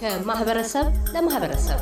ከማህበረሰብ ለማህበረሰብ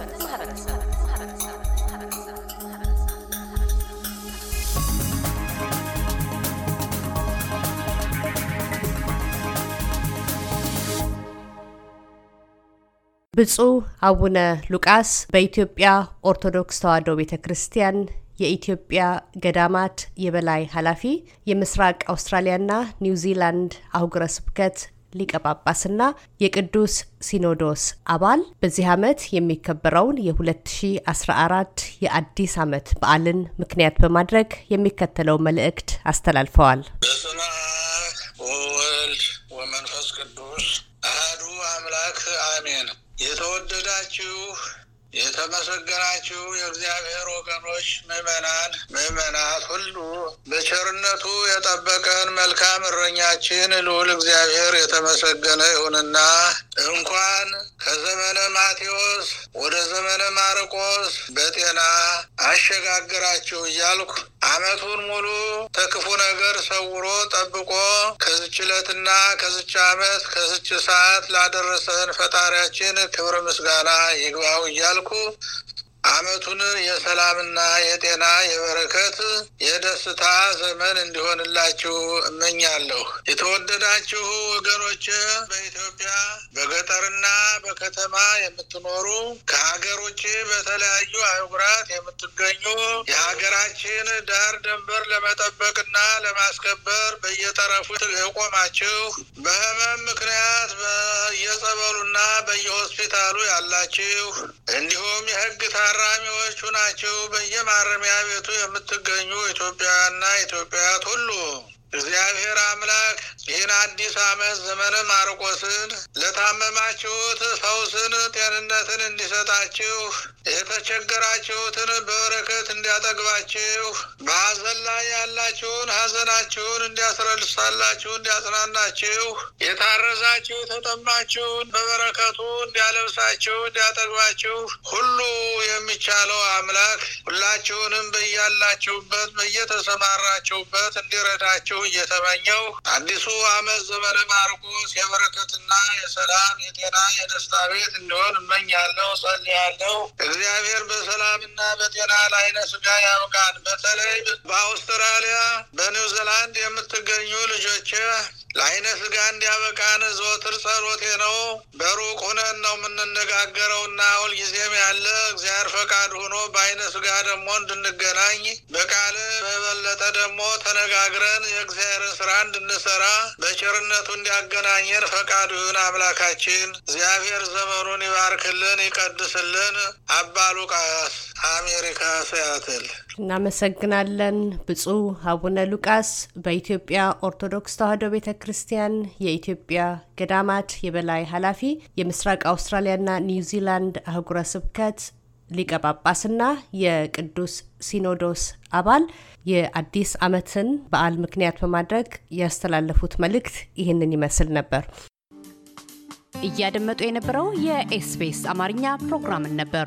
ብፁዕ አቡነ ሉቃስ በኢትዮጵያ ኦርቶዶክስ ተዋሕዶ ቤተ ክርስቲያን የኢትዮጵያ ገዳማት የበላይ ኃላፊ የምስራቅ አውስትራሊያና ኒውዚላንድ አህጉረ ስብከት ሊቀ ጳጳስና የቅዱስ ሲኖዶስ አባል በዚህ ዓመት የሚከበረውን የ2014 የአዲስ ዓመት በዓልን ምክንያት በማድረግ የሚከተለው መልእክት አስተላልፈዋል። በስመ አብ ወወልድ ወመንፈስ ቅዱስ አህዱ አምላክ አሜን። የተወደዳችሁ የተመሰገናችሁ የእግዚአብሔር ወገኖች ምዕመናን ምዕመና ሁሉ በቸርነቱ የጠበቀን መልካም እረኛችን ልዑል እግዚአብሔር የተመሰገነ ይሁንና እንኳን ከዘመነ ማቴዎስ ወደ ዘመነ ማርቆስ በጤና አሸጋግራችሁ እያልኩ ዓመቱን ሙሉ ተክፉ ነገር ሰውሮ ጠብቆ ከዝች ዕለትና ከዝች ዓመት ከዝች ሰዓት ላደረሰን ፈጣሪያችን ክብር ምስጋና ይግባው እያልኩ ዓመቱን የሰላምና የጤና የበረከት የደስታ ዘመን እንዲሆንላችሁ እመኛለሁ። የተወደዳችሁ ወገኖች በኢትዮጵያ በገ ከተማ የምትኖሩ ከሀገር ውጭ በተለያዩ አህጉራት የምትገኙ የሀገራችን ዳር ድንበር ለመጠበቅና ለማስከበር በየጠረፉ የቆማችሁ በህመም ምክንያት በየጸበሉና በየሆስፒታሉ ያላችሁ እንዲሁም የህግ ታራሚዎቹ ናችሁ በየማረሚያ ቤቱ የምትገኙ ኢትዮጵያና ኢትዮጵያት ሁሉ እግዚአብሔር አምላክ ይህን አዲስ ዓመት ዘመነ ማርቆስን ለታመማችሁት ፈውስን፣ ጤንነትን እንዲሰጣችሁ የተቸገራችሁትን በበረከት እንዲያጠግባችሁ በሐዘን ላይ ያላችሁን ሐዘናችሁን እንዲያስረልሳላችሁ እንዲያጽናናችሁ የታረዛችሁ የተጠማችሁን በበረከቱ እንዲያለብሳችሁ እንዲያጠግባችሁ ሁሉ የሚቻለው አምላክ ሁላችሁንም በያላችሁበት በየተሰማራችሁበት እንዲረዳችሁ እየተመኘው አዲሱ አመት ዘመነ ማርቆስ የበረከትና የሰላም የጤና የደስታ ቤት እንዲሆን እመኛለሁ፣ ጸልያለሁ። እግዚአብሔር በሰላምና በጤና ለአይነ ስጋ ያብቃን። በተለይ በአውስትራሊያ በኒውዚላንድ የምትገኙ ልጆች ለአይነ ስጋ እንዲያበቃን ዘወትር ጸሎቴ ነው። በሩቅ ሁነን ነው የምንነጋገረውና ሁልጊዜም ያለ እግዚአብሔር ፈቃድ ሆኖ በአይነ ስጋ ደግሞ እንድንገናኝ በቃል የበለጠ ደግሞ ተነጋግረን የእግዚአብሔርን ስራ እንድንሰራ በቸርነቱ እንዲያገናኘን ፈቃዱ ይሁን። አምላካችን እግዚአብሔር ዘመኑን ይባርክልን፣ ይቀድስልን። አባ ሉቃስ አሜሪካ ሲያትል እናመሰግናለን። ብፁዕ አቡነ ሉቃስ በኢትዮጵያ ኦርቶዶክስ ተዋሕዶ ቤተ ክርስቲያን የኢትዮጵያ ገዳማት የበላይ ኃላፊ፣ የምስራቅ አውስትራሊያና ኒውዚላንድ አህጉረ ስብከት ሊቀ ጳጳስና የቅዱስ ሲኖዶስ አባል የአዲስ ዓመትን በዓል ምክንያት በማድረግ ያስተላለፉት መልእክት ይህንን ይመስል ነበር። እያደመጡ የነበረው የኤስቢኤስ አማርኛ ፕሮግራምን ነበር።